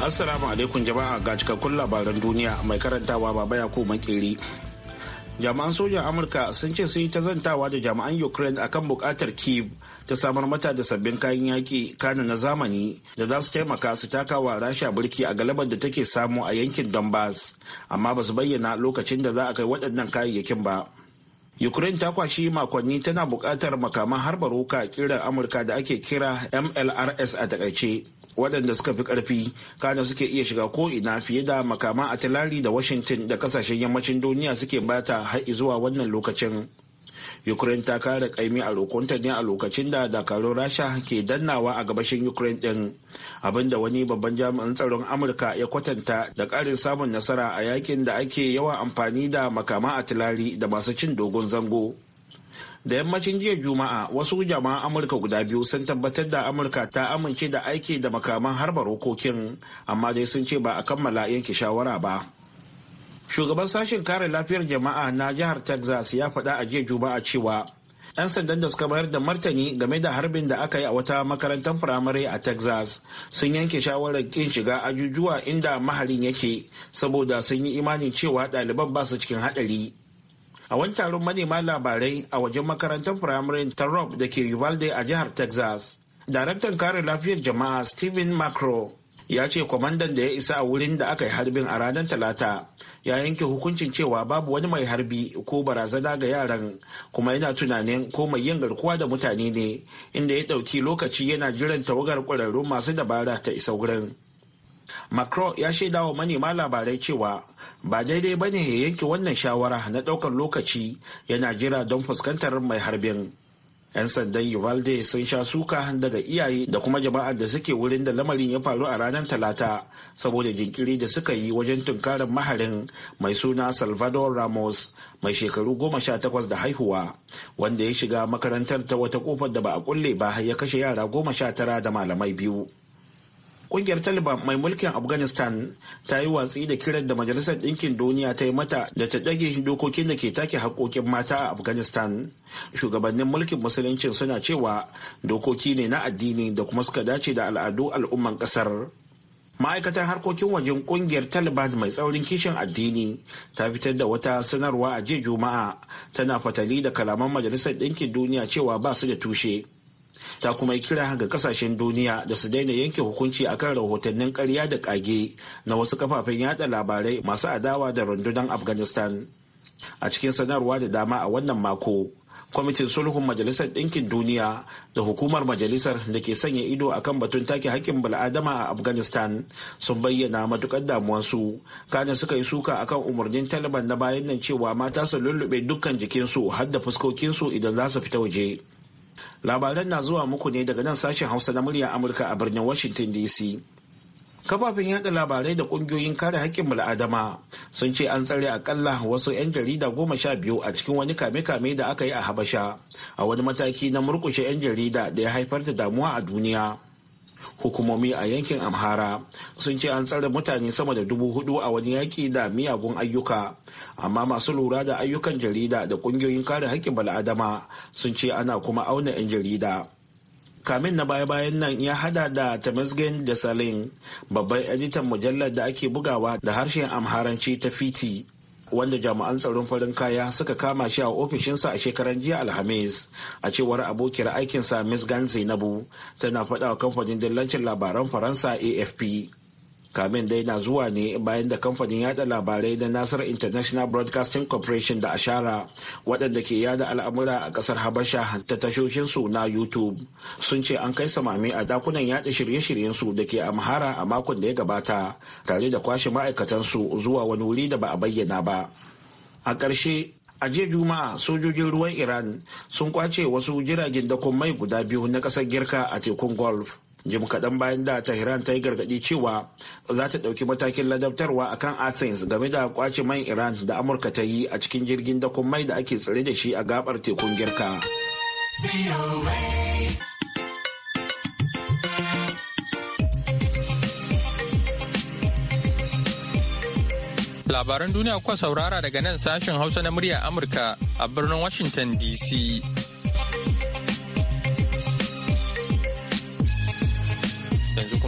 Assalamu alaikum jama'a ga cikakkun labaran duniya mai karantawa baba Yakubu Makeri. Jami'an sojan Amurka sun ce sun yi ta zantawa da jami'an Ukraine akan bukatar Kyiv ta samar mata da sabbin kayan yaƙi kana na zamani da za su taimaka su taka wa Rasha burki a galabar da take samu a yankin Donbass, amma ba su bayyana lokacin da za a kai waɗannan kayayyakin ba. Ukraine ta kwashi makonni tana buƙatar makaman harba roka kiran Amurka da ake kira MLRS a takaice. waɗanda suka fi ƙarfi kana suke iya shiga ko ina fiye da makama a tilari da washington da kasashen yammacin duniya suke bata har zuwa wannan lokacin ukraine ta kare kaimi a rokonta ne a lokacin da dakarun rasha ke dannawa a gabashin ukraine din abinda wani babban jami'in tsaron amurka ya kwatanta da ƙarin samun nasara a yakin da ake yawan amfani da makama a tilari da masu cin dogon zango da yammacin jiya juma'a wasu jama'an amurka guda biyu sun tabbatar da amurka ta amince da aiki da makaman harba rokokin amma dai sun ce ba a kammala yanke shawara ba shugaban sashen kare lafiyar jama'a na jihar texas ya fada a jiya juma'a cewa 'yan sandan da suka mayar da martani game da harbin da aka yi a wata makarantar firamare a texas sun yanke shawarar kin shiga ajujuwa inda maharin yake saboda sun yi imanin cewa ɗaliban ba su cikin haɗari a wani taron manema labarai a wajen makarantar firamare ta rob da ke Rivalde a jihar texas daraktan kare lafiyar jama'a stephen macro ya ce kwamandan da ya isa a wurin da aka yi harbin a ranar talata ya yanke hukuncin cewa babu wani mai harbi ko barazana ga yaran kuma yana tunanin ko mai yin garkuwa da mutane ne inda ya ɗauki lokaci yana jiran tawagar ƙwararru masu dabara ta isa wurin macron ya shaida wa manema labarai cewa ba daidai ba ne ya yanke wannan shawara na ɗaukar lokaci yana jira don fuskantar mai harbin 'yan sandan uvalde sun sha suka daga iyaye da kuma jama'ar da suke wurin da lamarin ya faru a ranar talata saboda jinkiri da suka yi wajen tunkarin maharin mai suna salvador ramos mai shekaru goma sha takwas da haihuwa wanda ya shiga makarantar ta wata kofar da ba a kulle ba ya kashe yara goma sha tara da malamai biyu kungiyar taliban mai mulkin afghanistan ta yi watsi da kiran da majalisar ɗinkin duniya ta yi mata da ta ɗage dokokin da ke take haƙoƙin mata a afghanistan shugabannin mulkin musulunci suna cewa dokoki ne na addini da kuma suka dace da al'adu al'umman ƙasar ma'aikatan harkokin wajen kungiyar taliban mai tsaurin kishin addini ta fitar da wata sanarwa a jiya juma'a tana fatali da kalaman majalisar ɗinkin duniya cewa ba su da tushe ta kuma yi kira ga kasashen duniya da su daina yanke hukunci akan rahotannin karya da kage na wasu kafafen yada labarai masu adawa da rundunar afghanistan a cikin sanarwa da dama a wannan mako kwamitin sulhun majalisar ɗinkin duniya da hukumar majalisar da ke sanya ido akan batun take hakkin bal'adama a afghanistan sun bayyana matukar damuwansu kana suka yi suka akan umarnin taliban na bayan nan cewa mata su lullube dukkan jikinsu har da fuskokinsu idan za su fita waje Labaran na zuwa muku ne daga nan sashen Hausa na murya Amurka a birnin Washington DC. Kafafen yada labarai da kungiyoyin kare hakkin mul'adama sun ce an tsare akalla wasu 'yan jarida goma sha biyu a cikin wani kame-kame da aka yi a Habasha, a wani mataki na murkushe 'yan jarida da ya haifar da damuwa a duniya. hukumomi a yankin amhara sun ce an tsare mutane sama da dubu hudu a wani yaki da miyagun ayyuka amma masu lura da ayyukan jarida da ƙungiyoyin kare haƙƙin bal'adama sun ce ana kuma auna 'yan jarida kamin na baya-bayan nan ya hada da tamasgen da salin babban editan mujallar da ake bugawa da harshen amharanci ta fiti wanda jami'an tsaron farin kaya suka kama shi a ofishinsa a shekaran jiya alhamis a cewar abokiyar aikinsa miss gan zainabu tana faɗa wa kamfanin dillancin labaran faransa afp kamin dai na zuwa ne bayan da kamfanin yada labarai na nasar international broadcasting corporation da ashara waɗanda ke yada al'amura a ƙasar habasha ta tashoshinsu na youtube sun ce an kai samami a dakunan yada shirye-shiryensu da ke amhara a makon da ya gabata tare da kwashe ma'aikatansu zuwa wani wuri da ba a bayyana ba a ƙarshe a jiya juma'a sojojin ruwan iran sun kwace wasu jiragen dakon mai guda biyu na ƙasar girka a tekun golf jim kaɗan bayan da tehran ta yi gargaɗi cewa za ta ɗauki matakin ladabtarwa a kan athens game da kwace man iran da amurka ta yi a cikin jirgin dakon mai da ake tsare da shi a gabar tekun girka labaran duniya kuwa saurara daga nan sashen hausa na murya amurka a birnin washington dc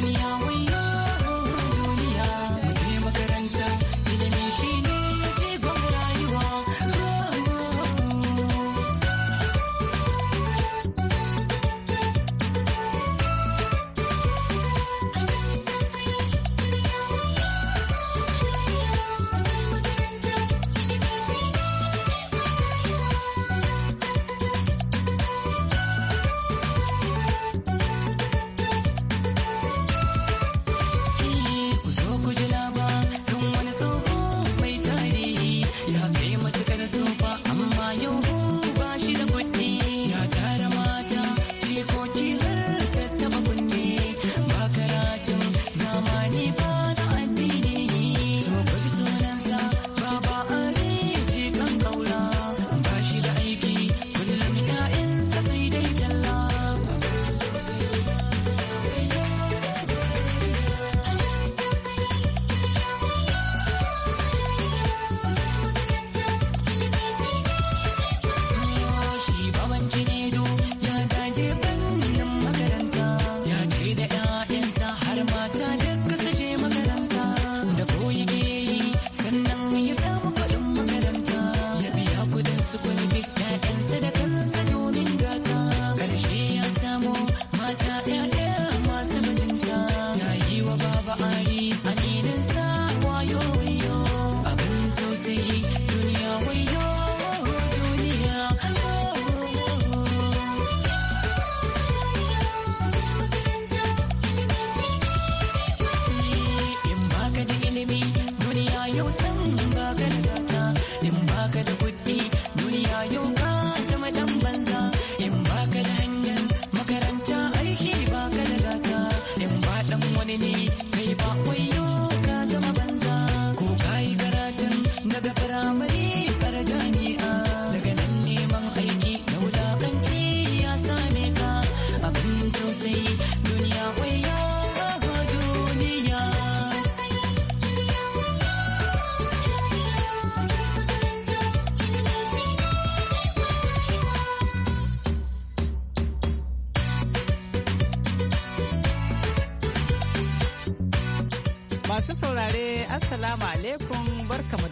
dunia we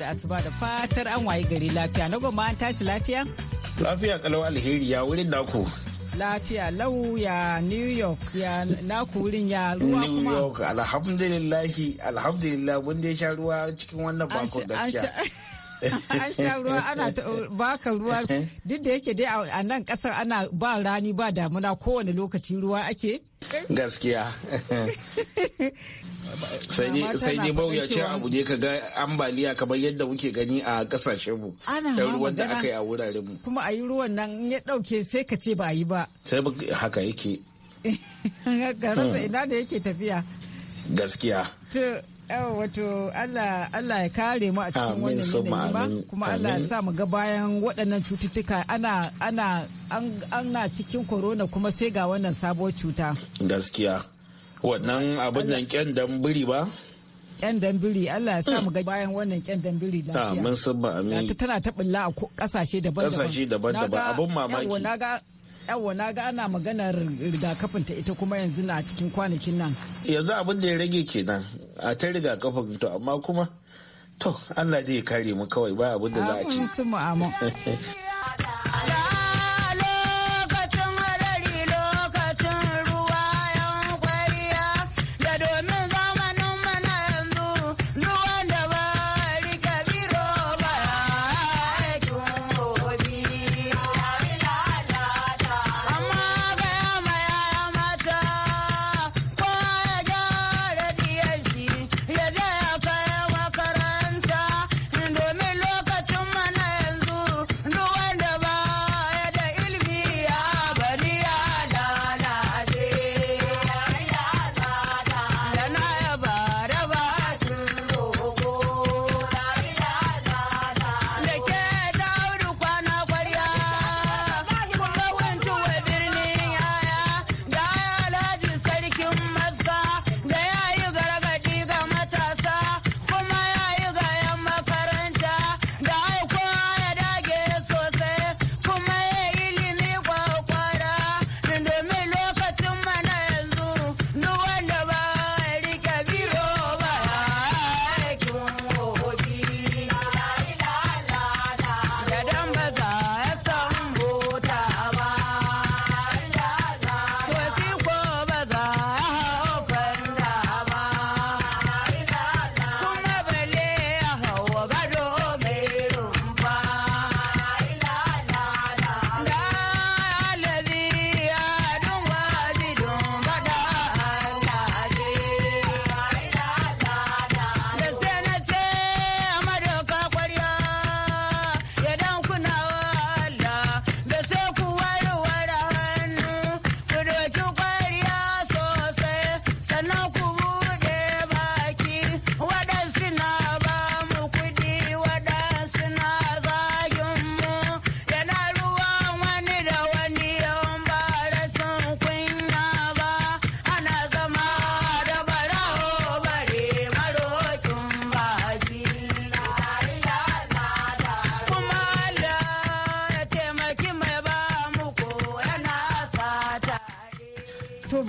asuba da fatar an waye gari lafiya na goma an tashi lafiya? Lafiya kalau alheri ya wurin naku. Lafiya lau ya New York ya naku wurin ya ruwa kuma. New York alhamdulillahi alhamdulillah mun ya sha ruwa cikin wannan bakon gaskiya. an sha ruwa ana baka ruwa duk da yake dai a nan kasar ana ba rani ba damuna kowane lokaci ruwa ake gaskiya sai dai mawuyacin abu ne ka ga ambaliya kamar yadda muke gani a kasashen mu da ruwan da aka yi a wurarenmu. mu kuma a yi ruwan nan ya dauke sai ka ce ba a yi ba sai haka yake ga rasa ina da yake tafiya gaskiya wato Allah ya kare mu a cikin wannan yanayi kuma Allah ya sa mu ga bayan waɗannan cututtuka ana ana na cikin corona kuma sai ga wannan sabuwar cuta gaskiya wannan abin nan kyan biri ba kyan dambiri Allah ya sa mu ga bayan wannan kyan dambiri mun san ba amin tana ta bulla a ƙasashe daban-daban daban-daban abin mamaki yawwa na ga ana maganar rigakafin ta ita kuma yanzu na cikin kwanakin nan yanzu abin da ya rage kenan a ta riga kafa to amma kuma to Allah zai kare mu kawai ba abin da za a ci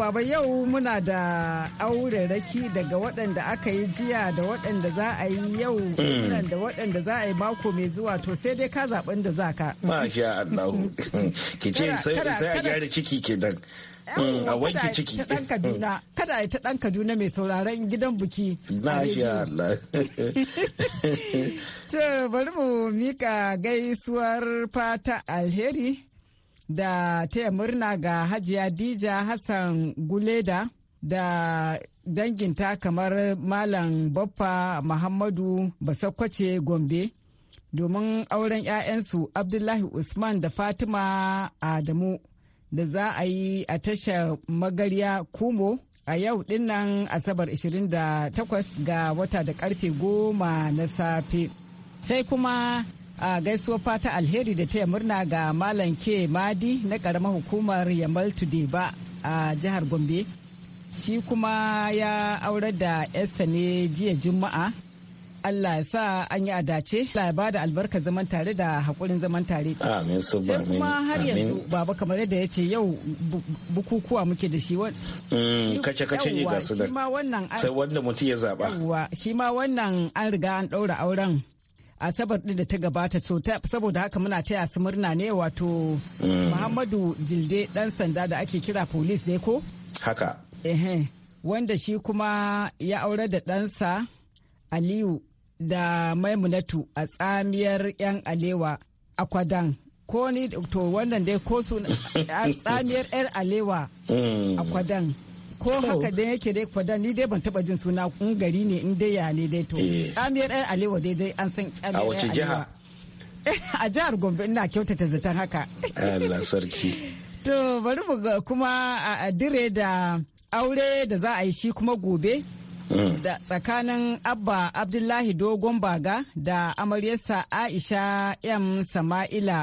baba yau muna da raki daga waɗanda aka yi jiya da waɗanda za a yi yau mm. da waɗanda za a yi mako mai zuwa to sai dai ka zaɓen da za ka. Masha Allah. Ki ce sai a gyara ciki ke dan mm, a wanke ciki kada a yi ta ɗan kaduna mai sauraron gidan buki na Allah to bari mu mika gaisuwar fata alheri da taya murna ga hajiya dija hassan guleda da danginta kamar malam baffa muhammadu basakwace gombe domin auren 'ya'yansu abdullahi usman da fatima adamu da za a yi a tashar magarya kumo a yau dinnan asabar 28 ga wata da karfe 10 na safe sai kuma a gaisuwa fata alheri da taya murna ga malam ke madi na karamar hukumar yamal ba a jihar gombe shi kuma ya aurar da yarsa ne jiya juma'a Allah ya sa an yi adace Allah ba da albarka zaman tare da hakurin zaman tare amin ba amin kuma har yanzu baba kamar yadda ya ce yau bukukuwa muke da shi mm, kace kace ne ga su da sai wanda mutum ya zaba shi ma wannan an riga an daura auren asabar din da ta gabata to saboda haka muna taya su murna ne wato mm. muhammadu jilde dan sanda da ake kira police ne ko haka ehe wanda shi kuma ya aure da ɗansa aliyu da maimunatu a tsamiyar 'yan alewa a kwadan ko ni to wannan dai ko su tsamiyar 'yan alewa mm. a kwadan ko haka dai yake dai kwada ni dai ban taba jin suna in gari ne in dai ya ne dai to eh. amir ɗan alewa dai dai an san amir a wace jiha a jihar gombe ina kyautata zaton haka Allah sarki to bari mu kuma a dire da aure da za a yi shi kuma gobe hmm. da tsakanin abba abdullahi dogon baga da amaryarsa aisha m sama'ila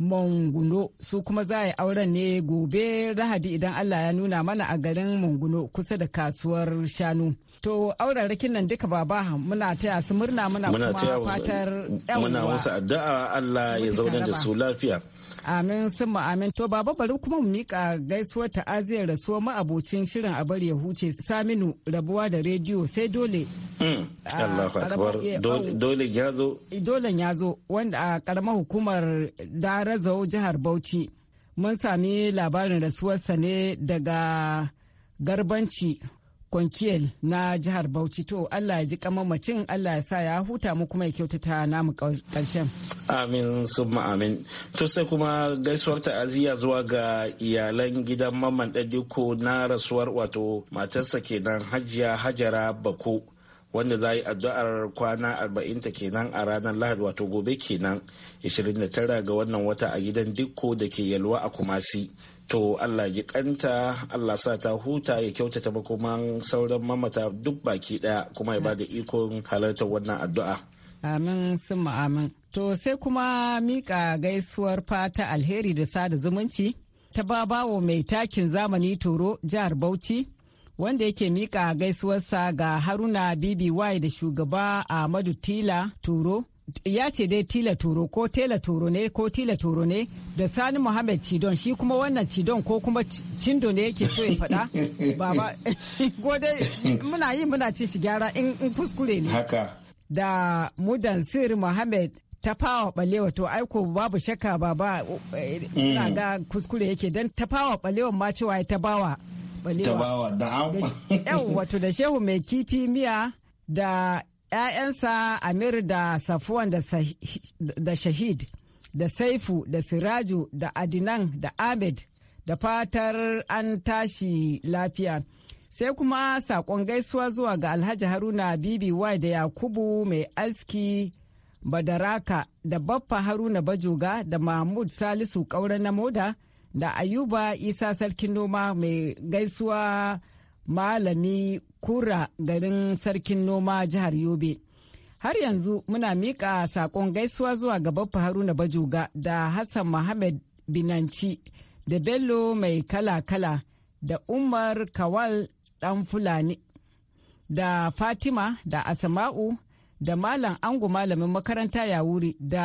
Manguno su kuma za a yi auren ne gobe rahadi idan Allah ya nuna mana a garin Manguno kusa da kasuwar shanu. To auren rikin nan duka baba muna taya su murna muna kuma fatar Muna wasu addu'a Allah ya zaunar da su lafiya. Amin sun amin to baba bari kuma mu mika gaisuwar ta'aziyar rasuwa ma'abocin shirin a bari ya huce Saminu rabuwa da rediyo sai dole. Hmm, eh, dole ya zo. Eh, dole ya wanda a karamar hukumar Darazau jihar Bauchi. Mun sami labarin rasuwarsa ne daga garbanci Kwankiyel na jihar Bauchi to Allah ya ji kamar kamamacin Allah ya sa ya huta mu kuma ya kyautata namu karshen. Amin summa amin. To sai kuma gaisuwar ta'aziyya zuwa ga iyalan gidan Mamman Dadiko na rasuwar wato matarsa kenan Hajiya Hajara Bako. wanda za a yi addu'ar kwana 40 ta kenan a ranar lahadi wato gobe kenan 29 ga wannan wata a gidan dikko da ke yalwa a kumasi to allah ya kanta allah sa ta huta ya kyautata makoman sauran mamata duk baki daya kuma ya bada ikon halartar wannan addu'a amin sun amin to sai kuma mika gaisuwar fata alheri da sada zumunci ta babawo mai takin zamani toro jihar bauchi wanda yake mika gaisuwarsa ga haruna bby da shugaba ahmadu tila turo ya ce dai tila turo ko tela turo ne ko tila turo ne da sani muhammad cidon shi kuma wannan cidon ko kuma cindo ne yake so ya faɗa baba gode muna yi muna ci shi gyara in kuskure ne haka da mudan sir muhammad ta fawa balewa to aiko babu shakka baba eh, mm. ina ga kuskure yake don ta fawa balewa ma cewa ta bawa yau wato da shehu mai kifi miya da 'ya'yansa amir da safuwan da shahid da saifu da siraju da adinan da ahmed da fatar an tashi lafiya sai kuma sakon gaisuwa zuwa ga alhaji haruna bibi wa da yakubu mai aski badaraka da baffa haruna bajoga da mahmud salisu kaura na moda da ayuba isa sarkin noma mai gaisuwa malami kura garin sarkin noma jihar yobe har yanzu muna miƙa saƙon gaisuwa zuwa ga baffa haruna bajoga da hassan mohamed binanci da bello mai kala-kala da umar kawal ɗan fulani da fatima da asama'u da malam ango malamin makaranta yawuri da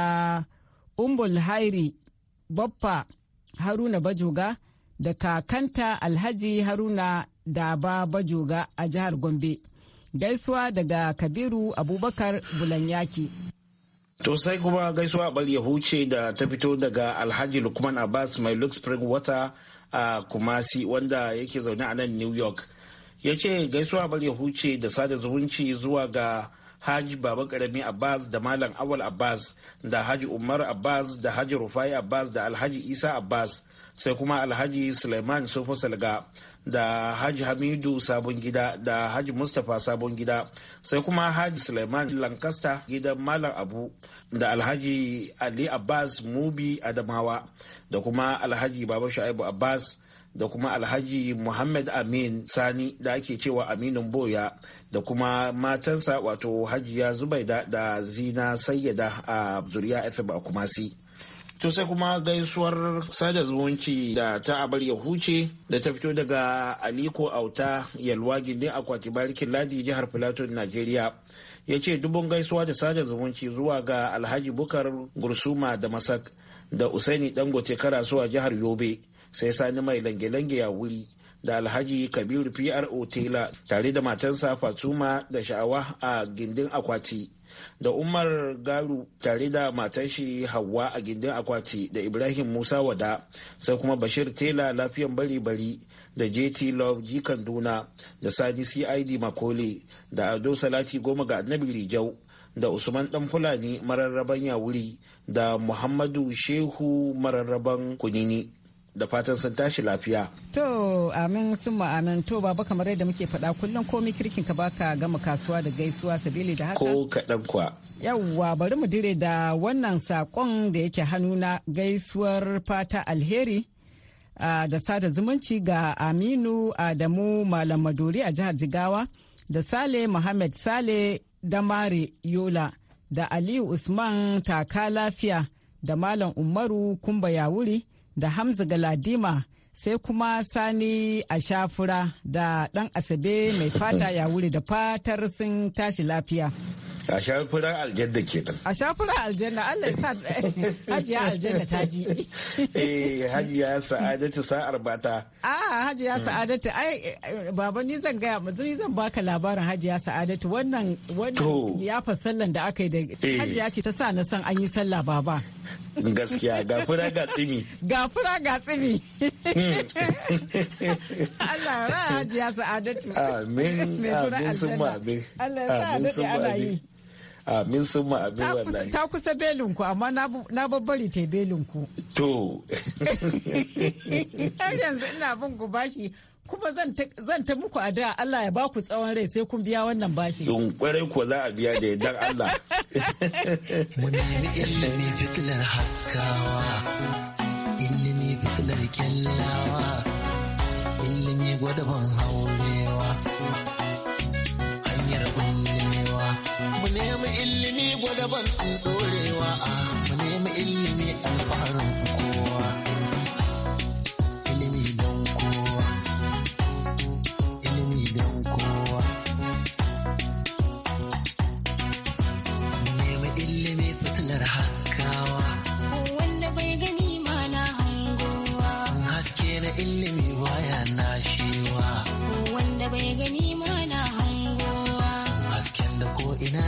umbul hairi baffa haruna bajoga da kakanta alhaji haruna daba bajoga a jihar gombe gaisuwa daga kabiru abubakar bulanyaki To sai kuma gaisuwa bal ya huce da ta fito daga Alhaji Lukman Abbas mai Lux Spring Water a Kumasi wanda yake zaune a nan New York. Ya ce gaisuwa bal ya huce da sada zumunci zuwa ga haji baba karami abbas da malam awal abbas da haji umar abbas da haji rufai abbas da alhaji isa abbas sai kuma alhaji suleiman sofo salga da haji hamidu sabon gida da haji mustapha sabon gida sai kuma haji suleiman lancaster gidan malam abu da alhaji ali abbas mubi adamawa da kuma alhaji baba sha'ibu abbas da kuma alhaji muhammad amin sani da ake cewa aminin boya da kuma matansa wato hajiya zubaida da zina sayyada a zuriya fm a kumasi to sai kuma gaisuwar sada zumunci da ta abar ya huce da ta fito daga aliko auta yalwa gindin akwati barikin ladi jihar filato najeriya ya ce dubun gaisuwa da sada zumunci zuwa ga alhaji bukar gursuma da masak da usaini dangote karasuwa jihar yobe sai sani mai lange-lange ya wuri da alhaji kabiru pro tela tare da matansa fatuma da sha'awa a gindin akwati da umar garu tare da matar shi hawa a gindin akwati da ibrahim musa wada sai kuma bashir tela lafiyan bari-bari da jt love ji kaduna da sani cid makole da ado salati goma ga annabi rijau da usman dan fulani mararraban yawuri da muhammadu shehu mararraban kunini da fatan sun tashi lafiya. To amin sun amin to baba kamar yadda muke faɗa kullum komi kirkin ka baka gama kasuwa da gaisuwa sabili da haka. Ko kaɗan kwa. Yawwa bari mu dire da wannan sakon da yake hannu na gaisuwar fata alheri da sada zumunci ga Aminu Adamu Malam Maduri a jihar Jigawa da Sale Muhammad Sale Damare Yola da Aliyu Usman Taka Lafiya da Malam Umaru Kumba Yawuri. da Hamza Galadima sai kuma Sani a Ashafura da ɗan Asabe mai fata ya wuri da fatar sun tashi lafiya. a shafura aljanna ke nan a shafura aljanna allah ya sa eh, hajiya aljanna ta ji eh hajiya sa'adatu sa'ar bata a ah, hajiya sa'adatu ai eh, baba ni zan gaya mu ni zan baka labarin hajiya sa'adatu wannan wannan ya sallan da aka yi da eh. hajiya ce ta sa na san an yi sallah baba gaskiya ga fura ga tsimi ga fura ga tsimi hmm. Allah ya ra hajiya sa'adatu amin amin sun ma Allah ya sa ana yi amin sun ma abin wallahi ta kusa belin ku amma na babbari ta belin ku to har yanzu ina bin ku bashi kuma zan ta muku a da Allah ya ba ku tsawon rai sai kun biya wannan bashi. Don kwarai ko za a biya da yadda Allah. Muna ni ilimi fitilar haskawa, ilimi fitilar kyallawa, ilimi gwada ban haurewa, hanyar kun mu nemi ilimi gwadaban dorewa mu nemi ilimi alfaharin kowa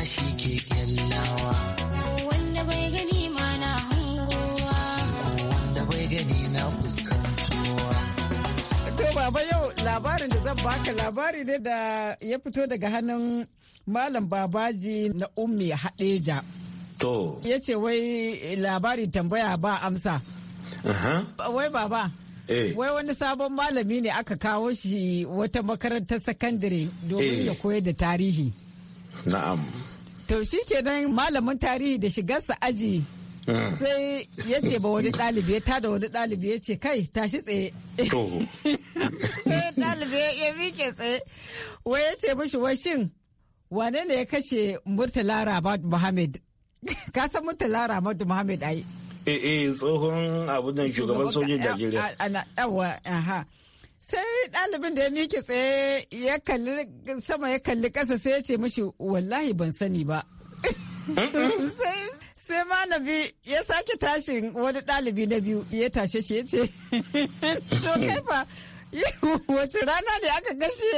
shi ke kyallawa wanda bai gani ma na hangowa wanda bai gani na fuskantowa to baba yau labarin da zan baka labari ne da ya fito daga hannun malam babaji na ummi haɗeja. to ya ce wai labari tambaya ba amsa wai baba eh. wai wani sabon malami ne aka kawo shi wata makarantar sakandare domin eh. ya koyar da tarihi na'am to shi kenan malamin tarihi da shigarsa aji ah. sai ya ce ba wani ɗalibi ya tada wani ɗalibi ya ce kai tashi tsaye sai ɗalibi ya miƙe tsaye wai ya ce mishi washin wane ne ya kashe murtala rabat muhammad ka san murtala rabat muhammad ai eh eh tsohon abin shugaban sojin najeriya yawa sai ɗalibin da ya miki tsaye ya kalli sama ya kalli kasa sai ya ce mashi wallahi ban sani ba sai malami ya sake tashin wani ɗalibi na biyu ya tashe shi ya ce to kai fa wace rana ne aka gashe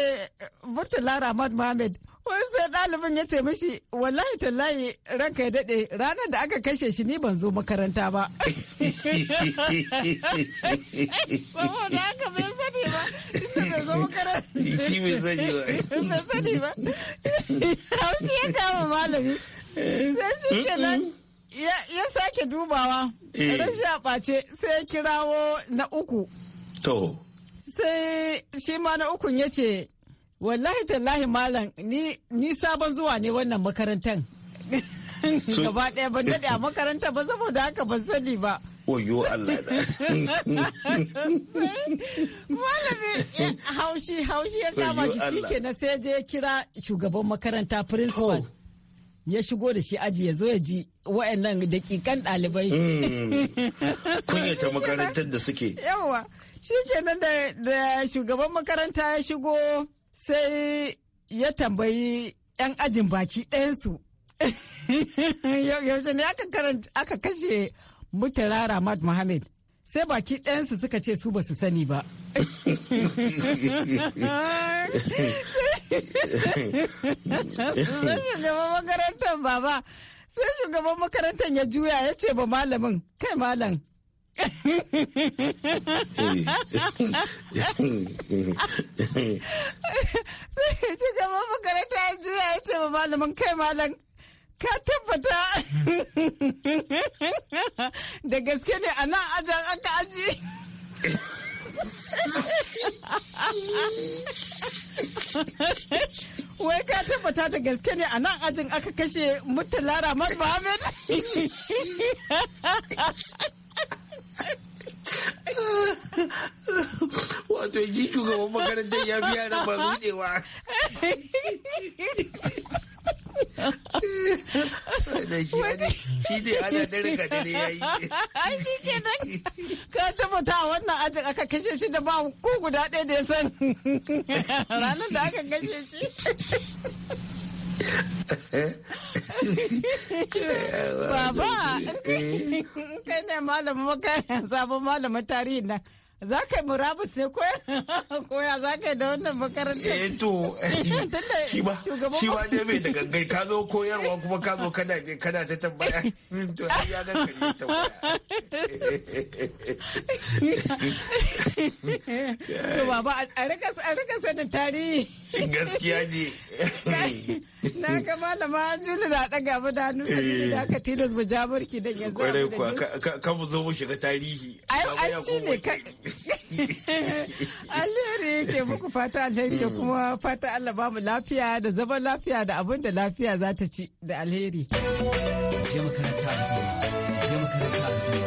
murtala ramad muhammad. Wasu ɗalibin ya ce mashi wallahi tallahi ranka ya daɗe ranar da aka kashe shi ni ban zo makaranta ba. Saboda haka bai sani ba, bai zo makaranta. Ki bai sani ba. Bai ya kama malami. Sai shi kenan ya sake dubawa. Eh. Rashin a ɓace sai ya kirawo na uku. To. Sai shi ma na ukun ya ce wallahi tallahi malam ni ni sabon zuwa ne wannan makarantar gaba ɗaya ban daɗe a makarantar ba saboda haka ban sani ba oyo Allah da. Malami haushi haushi ya kama shi shike na sai je kira shugaban makaranta principal. Oh. Ya shigo da shi aji ya zo ya ji wa'annan dakikan ɗalibai. Hmm. Kunyata makarantar da suke. Yawa, shi kenan da shugaban makaranta ya shigo sai ya tambayi 'yan ajin baki ɗayansu yaushe ne aka kashe mutara ramad mohammed sai baki ɗayansu suka ce su ba su sani ba sai shugaban makarantar baba sai shugaban makarantar ya juya ya ce ba malamin kai malam Ci gaba makaranta ya juya ya ce malamin kai malam ka tabbata da gaske ne a nan ajiyar aka aji. Wai ka tabbata da gaske ne a nan ajin aka kashe Murtala Ramar Mohammed? yaran dai ya da ya yi ai shi ka a wannan ajin aka kashe shi da ba ku guda da ya san da aka kashe shi Baba, eh. kai ne malamin makarantar sabon malamin tarihi nan. za ka yi murabus ne koya za ka yi da wannan makarantar eh to eh, shi ba shi ba dai mai da gangai ka zo koyarwa kuma ka zo kana je kana ta tambaya to sai ya ga kare ta To baba a rika sanin tarihi. Gaskiya ne. Na ga malama Juli na ɗaga mu da hannu sai eh. da aka tilas mu ja murki dan yanzu. Kwarai kuwa ka mu zo mu shiga tarihi. Ai an shi ne ka. Alheri ke muku fata alheri da kuma fata Allah ba mu lafiya da zaman lafiya da abin da lafiya za ta ci da alheri. Je makaranta alheri. Je makaranta alheri.